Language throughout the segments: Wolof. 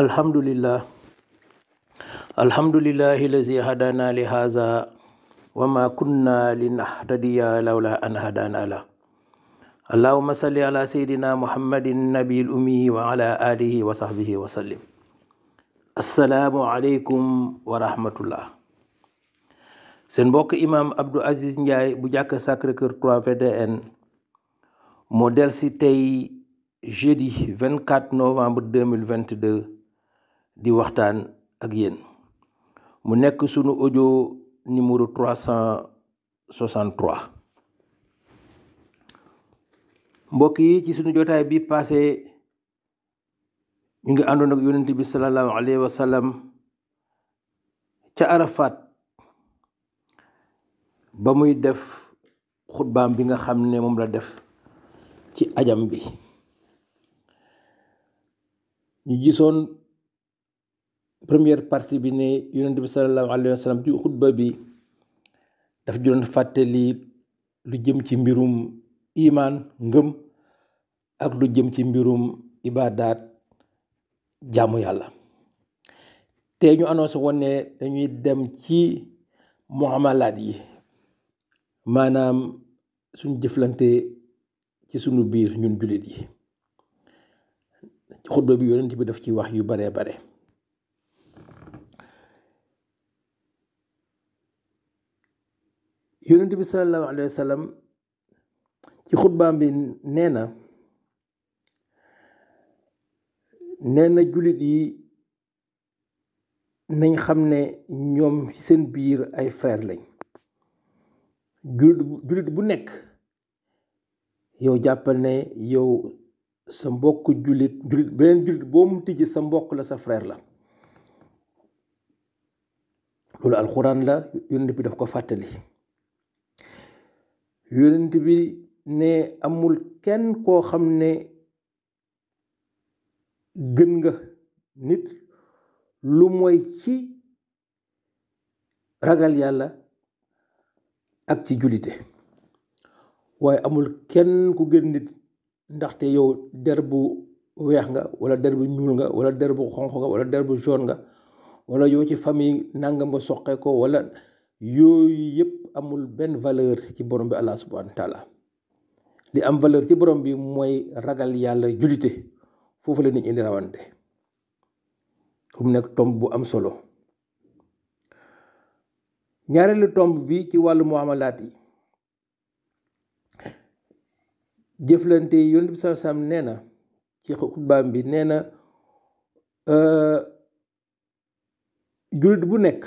الحمد لله الحمد لله الذي هدانا لهذا وما كنا لنهتدي لولا أن هدانا له اللهم صل على سيدنا محمد النبي الأمي وعلى آله وصحبه وسلم السلام عليكم ورحمة الله seen mbokk imam Abdou Aziz Ndiaye bu jàkk Sacré-Cœur 3 VDN moo delsi tey jeudi 24 novembre 2022 di waxtaan ak yéen mu nekk sunu audio numéro 363 mbokk yi ci sunu jotaay bi passé ñu ngi àndoon ak yonent bi sallallahu alayhi ca Arafat ba muy def xutbaam bi nga xam ne moom la def ci ajam bi ñu gisoon première partie bi ne yonent bi sallallahu alayhi wa sallam ci xutba bi daf juróon fàttali lu jëm ci mbirum imaan ngëm ak lu jëm ci mbirum ibaadaat jaamu yàlla te ñu annoncé woon ne dañuy dem ci muamalaat yi maanaam suñ jëflante ci sunu biir ñun jullit yi xutba bi yonent bi daf ci wax yu baree bare yonent bi sallallahu alayhi ci xutbaam bi nee na nee na jullit yi nañ xam ne ñoom seen biir ay frère lañ jullit jullit bu nekk yow jàppal ne yow sa mbokk jullit jullit beneen jullit boo mu tijji sa mbokk la sa frère la loolu alxuraan la yonent bi daf ko fàttali yonent bi ne amul kenn koo xam ne gën nga nit lu mooy ci ragal yàlla ak ci julite waaye amul kenn ku gën nit ndaxte yow der bu weex nga wala der bu ñuul nga wala der bu xonq nga wala der bu jaune nga wala yow ci famille nangam nga soqe ko wala yooyu yëpp amul benn valeur ci borom bi allah subhanahu wa li am valeur ci borom bi mooy ragal yàlla julite foofu la nit indi di rawante fu mu nekk tomb bu am solo ñaareelu tomb bi ci wàllu muamalaat yi jëflante yi yonent bi sallallahu alayhi wasallam nee na ci xutbaam bi nee na euh, jullit bu nekk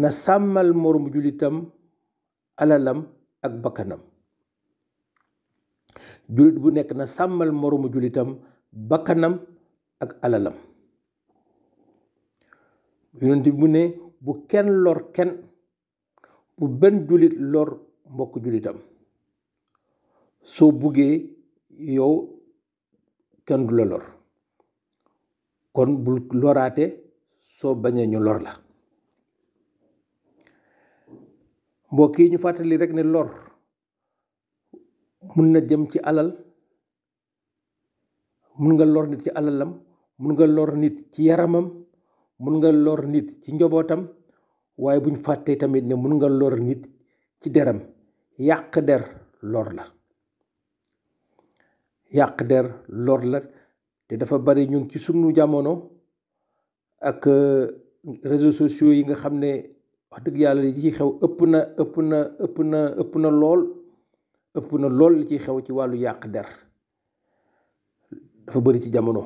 na sàmmal moroomu jullitam alalam ak bakkanam jullit bu nekk na sàmmal moroomu jullitam bakkanam ak alalam yonent bi mu ne bu kenn lor kenn bu benn jullit lor mbokk julitam soo buggee yow kenn du la lor kon bu loraate soo bañee ñu lor la mbokk yi ñu fàttali rek ne lor mun na dem ci alal mun nga lor nit ci alalam mun nga lor nit ci yaramam mun nga lor nit ci njobootam waaye buñ fàttee tamit ne mun nga lor nit ci deram yàq der lor la yàq der lor la te dafa bari ñun ci sunu jamono ak euh, réseaux sociaux yi nga xam ne wax dëgg yàlla li ci xew ëpp na ëpp na ëpp na ëpp na lool ëpp na lool li ci xew ci wàllu yàq der dafa bari ci jamono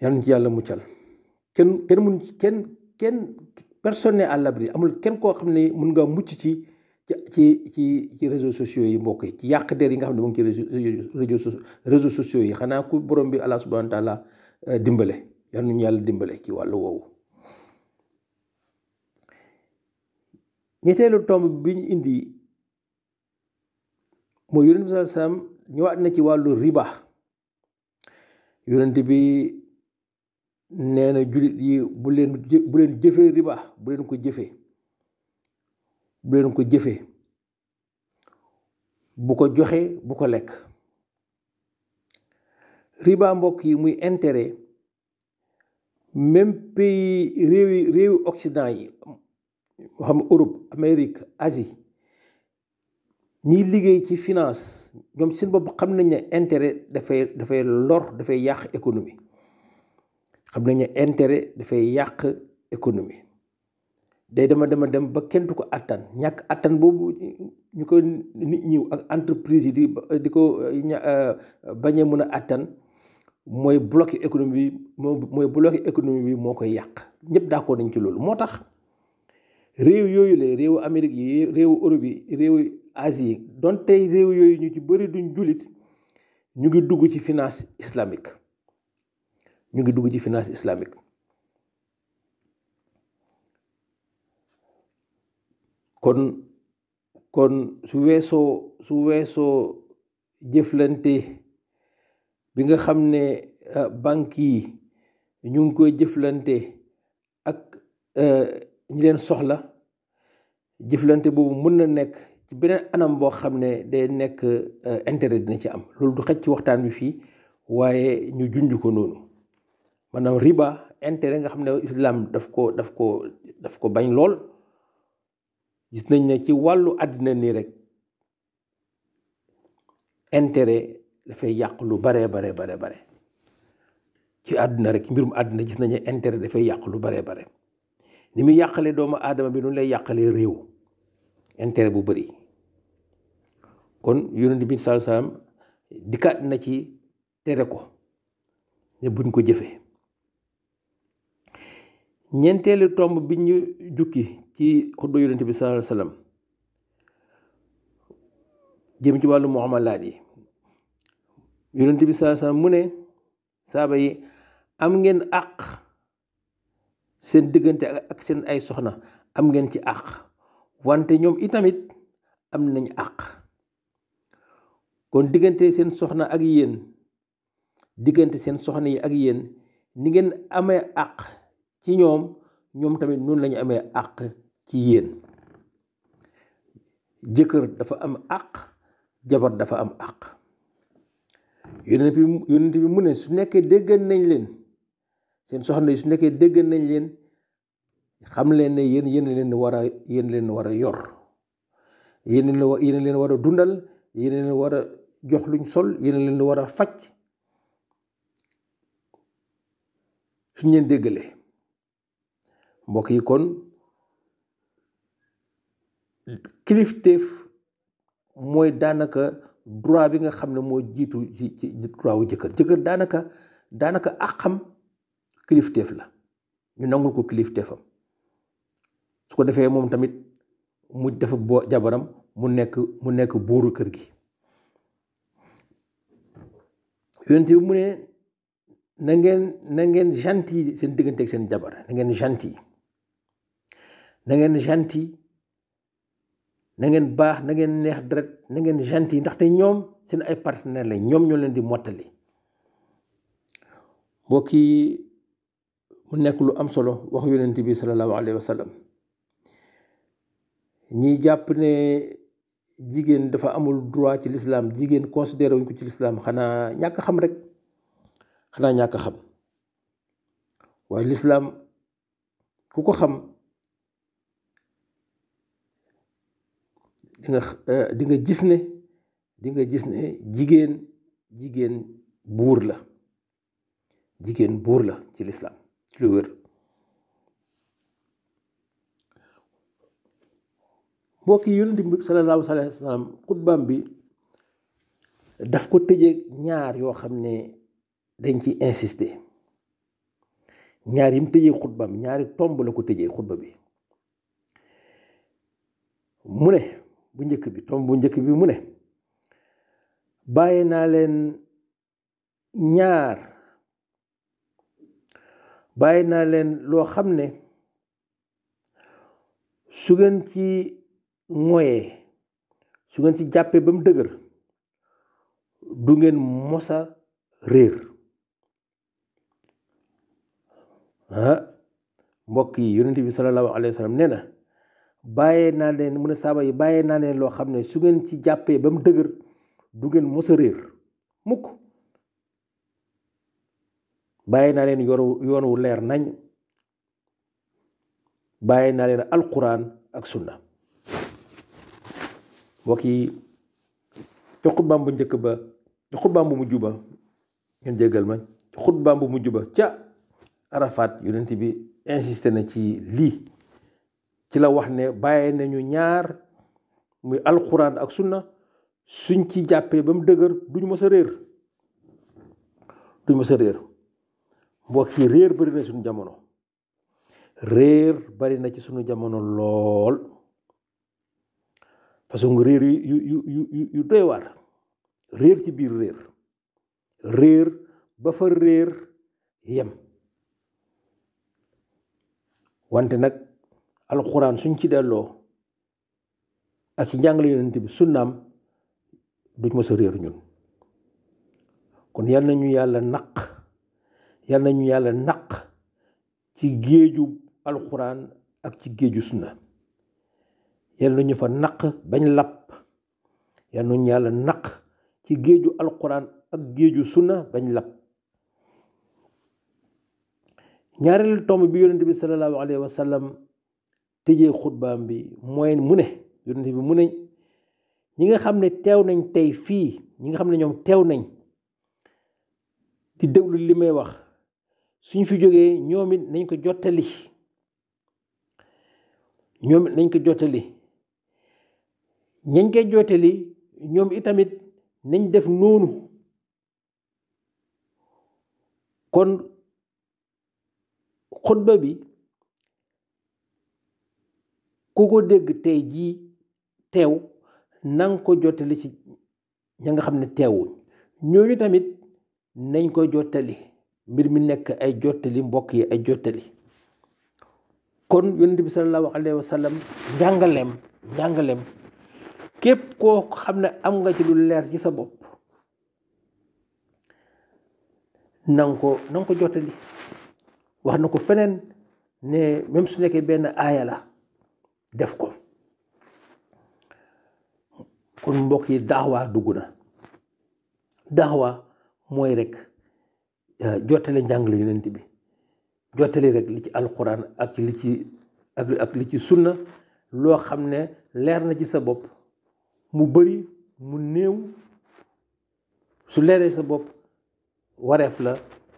yàlla ci yàlla muccal kenn kenn mun kenn kenn personne n'est abri amul kenn koo xam ne mun nga mucc ci ci ci ci réseaux sociaux yi mbokk yi ci yàq der yi nga xam ne mu ci réseaux réseaux sociaux yi xanaa ku borom bi Allah subhanahu wa taala euh, dimbale yal nañu yàlla dimbale ci wàllu woowu ñetteelu tomb bi ñu indi mooy yonent bi sallallahu alayhi wasallam na ci wàllu riba yonent bi nee na jullit yi bu riba buleen ko jëfe bu ko jëfe bu ko joxee bu ko lekk riba mbokk yi muy intérêt même pays réewi réewi Occident yi moo xam Europe Amérique Asie ñiy liggéey ci finance ñoom seen bopp xam nañ ne intérêt dafay dafay lor dafay yàq économie xam nañ ne intérêt dafay yàq économie day dama dama dem ba kenn du ko attan ñàkk àttan boobu ñu ko nit ñi ak entreprise yi di di ko bañ mun a àttan mooy bloqué économie bi mooy économie bi moo koy yàq ñëpp d'accord nañ ci loolu moo tax réew yooyu la réew Amérique yi réewu Europe yi réewu Asie yi donte réew yooyu ñu ci bëri duñ jullit ñu ngi dugg ci finance islamique ñu ngi dugg ci finance islamique kon kon su weesoo su weesoo jëflante bi nga xam ne euh, banque yi ñu ngi koy jëflante ak euh, ñi leen soxla jëflante boobu mën na nekk ci beneen anam boo xam ne de nekk euh, intérêt dina ci am loolu du xëcc waxtaan bi fii waaye ñu junj ko noonu maanaam riba intérêt nga xam ne islam daf ko daf ko daf ko bañ lool gis nañ ne ci wàllu àddina nii rek intére dafay yàq lu baree bare bare bare ci àdduna rek mbirum àdduna gis nañu intérêt dafay yàq lu baree bare ni muy yàqalee doomu aadama bi noonu lay yàqalee réew intérêt bu bëri kon yonent bi sallallahu alayhi wasallam na ci tere ko ne buñ ko jëfee ñeenteelu tomb bi ñu jukki ci xutba yonent bi sallallahu alayhi wasallam jëm ci wàllu muamalaat yi yonent bi saa saa mu ne saaba yi am ngeen àq seen diggante ak seen ay soxna am ngeen ci àq wante ñoom it tamit am nañ àq kon diggante seen soxna ak yéen diggante seen soxna yi ak yéen ni ngeen amee àq ci ñoom ñoom tamit noonu lañu amee àq ci yéen jëkkër dafa am àq jabar dafa am àq yonent bi yonent bi mu ne su nekkee déggan nañ leen seen soxna su nekkee déggan nañ leen xam leen ne yéen yéen leen war a yéen leen war a yor yéen leen leen war a dundal yéen leen war a jox luñ sol yéen leen war a faj suñ leen déggalee mbokk yi kon kilifteef mooy daanaka droit bi nga xam ne moo jiitu ci ci droit wu jëkkër jëkkër daanaka daanaka àqam kilifteef la ñu nangul ko teefam su ko defee moom tamit mu dafa boo jabaram mu nekk mu nekk buuru kër gi yonent bi mu ne na ngeen na ngeen gentil seen diggante ak seen jabar na ngeen gentil na ngeen gentil na ngeen baax na ngeen neex deret na ngeen gentil ndaxte ñoom seen ay partenaire la ñoom ñoo leen di mottali mbokk yi mu nekk lu am solo wax yonent bi sallallahu alayhi wa sallam ñi jàpp ne jigéen dafa amul droit ci lislaam jigéen considéré wuñ ko ci lislaam xanaa ñàkk xam rek xanaa ñàkk xam waaye lislaam ku ko xam Euh, di nga gis ne di nga gis ne jigéen jigéen buur la jigéen buur la ci lislaam ci lu wér mbokk yi yonent bi sallallahu alayhi xutbaam bi daf ko tëjee ñaar yoo xam ne dañ ci insisté ñaar yi mu tëjee xutbaam ñaari tomb la ko tëjee xutba bi mu ne bu njëkk bi tom bu njëkk bi mu ne bàyyi naa leen ñaar bàyyi naa leen loo xam ne su ngeen ci moyee su ngeen ci jàppee ba mu dëgër du ngeen mosa réer ah mbokk yi yonent bi sallallahu alayhi wa sallam nee na bàyyee naa leen mu ne saaba yi bàyyee naa leen loo xam ne su ngeen ci jàppee ba mu dëgër du ngeen mos réer mukk bàyyee naa leen yoru yoon wu leer nañ bàyyee naa leen alquran ak sunna mbokk yi ci xutbaam bu njëkk ba ci xutbaam bu mujj ba ngeen jéggal ma ci xutbaam bu mujj ba ca Arafat yonent bi insisté na ci lii ci la wax ne bàyyi nañu ñaar muy alxuraan ak sunna suñ ci jàppee ba mu dëgër duñu mës a réer du mës a réer mbokk yi réer bari na suñu jamono réer bari na ci suñu jamono lool façon réer yu yu yu yu doy waar réer ci biir réer réer ba fa réer yem wante nag alxuraan suñ ci delloo ak ci njàngale yonent bi sunnaam duñ mos a réer ñun kon yal nañu yàlla naq yal nañu yàlla naq ci géeju alxuraan ak ci géeju sunna yal nañu fa naq bañ làpp yal yàlla naq ci géeju alxuraan ak géeju sunna bañ làpp ñaareelu tomb bi yonent bi sallallahu alayhi wa tëjee xutbaam bi mooy mu ne yonente bi mu ne ñi nga xam ne teew nañ tey fii ñi nga xam ne ñoom teew nañ di déglu li may wax su ñu fi jógee ñoom it nañ ko jottali ñoom it ko jottali ñañ koy jottali ñoom itamit nañ def noonu kon xutba bi ku ko dégg tey jii teew nang ko jottali ci ña nga xam ne teewuñ ñooñu tamit nañ ko jottali mbir mi nekk ay jottali mbokk yi ay jottali kon yonent bi sallallahu alayhi wa képp koo xam ne am nga ci leer ci sa bopp nang ko nang ko jottali wax na ko feneen ne même su nekkee benn aaya la def ko kon mbokk yi daawa dugg na daawa mooy rek euh, jottale njàngale yonent bi jottale rek li ci alxuraan ak li ci ak li ci sunna loo xam ne leer na ci sa bopp mu bari mu néew su leeree sa bopp wareef la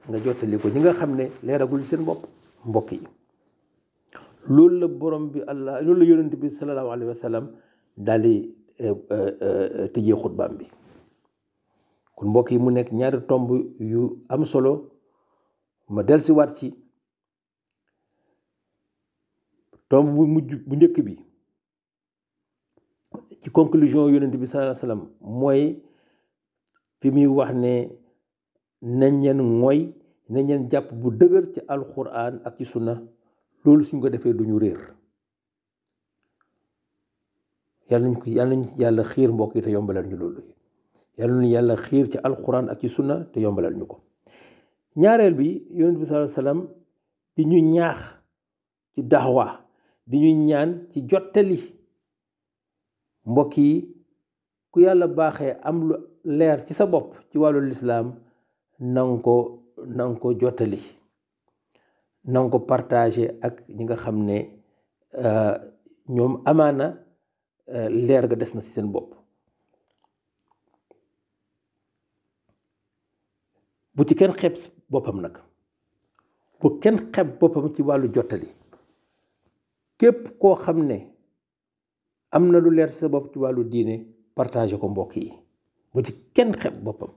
nga jottali ko ñi nga xam ne leeragul seen bopp mbokk yi loolu la borom bi allah loolu la yonent bi sallallahu alayhi wa sallam daal eh, eh, eh, xutbaam bi kon mbokk yi mu nekk ñaari tomb yu am solo ma dellusiwaat ci tomb bu mujj bu njëkk bi ci conclusion yonent bi sallallahu alayhi wa sallam mooy fi muy wax ne nañ leen mooy nañ jàpp bu dëgër ci alquran ak ci sunna loolu suñ ko defee ñu réer yàlla nañ ko yàlla nañ yàlla xiir mbokki yi te yombalal ñu loolu yàlla nañ yàlla xiir ci alxuraan ak ci sunna te yombalal ñu ko ñaareel bi yonent bi salaam di ñu ñaax ci daxwa di ñu ñaan ci jottali mbokk yi ku yàlla baaxee am lu leer ci sa bopp ci wàllu lislaam nanga ko nanga ko jottali na nga ko partager ak ñi nga xam ne euh, ñoom amaana euh, leer ga des na si seen bopp bu ci kenn xeeb boppam nag bu kenn xeeb boppam ci wàllu jottali képp koo xam ne am na lu leer ci sa bopp ci wàllu diine partager ko mbokk yi bu ci kenn xeeb boppam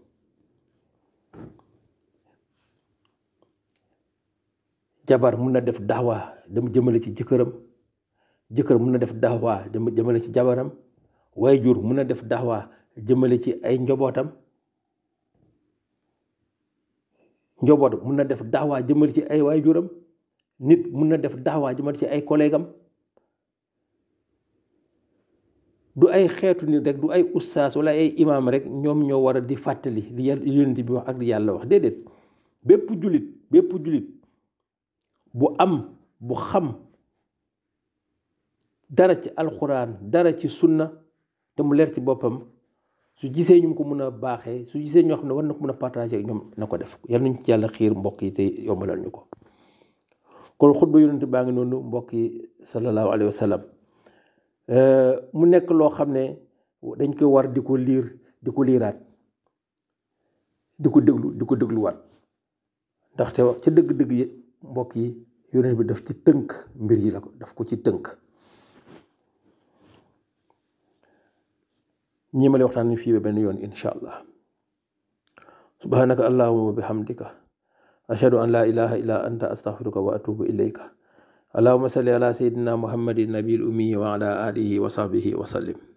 jabar mun na def daawaa dama jëmale ci jëkkëram jëkkër mun na def daawaa dama jëmale ci jabaram waajur mun na def daawaa jëmale ci ay njobootam njoboot mun na def daawaa jëmale ci ay waajuram nit mun na def daawaa jëmale ci ay collègue du ay xeetu nit rek du ay ustaas wala ay imaam rek ñoom ñoo war a di fàttali li yonent bi wax ak li yàlla wax déedéet bépp jullit bépp jullit bu am bu xam dara ci alxuraan dara ci sunna te mu leer ci boppam su gisee ñu mu ko mën a baaxee su gisee ñoo xam ne war na ko mën a partager ak ñoom na ko def yal nañu ci xiir mbokk yi te yombalal ñu ko kon xutba baa ngi noonu mbokk yi sallallahu alayhi wa sallam euh, mu nekk loo xam ne dañ koy war di ko liir di ko liiraat di ko déglu di ko dégluwaat ndaxte wax ca dëgg-dëgg mbokk yi bi def ci tënk mbir yi la ko daf ko ci tënk ñi ma lay fii ba benn yoon insha allah subhanaka allahuma wa bihamdika ashhadu an la ilaha illa anta astaghfiruka wa atubu ilayka allahuma salli ala sayyidina muhammadin nabil ummi wa alihi wa sahbihi wa sallim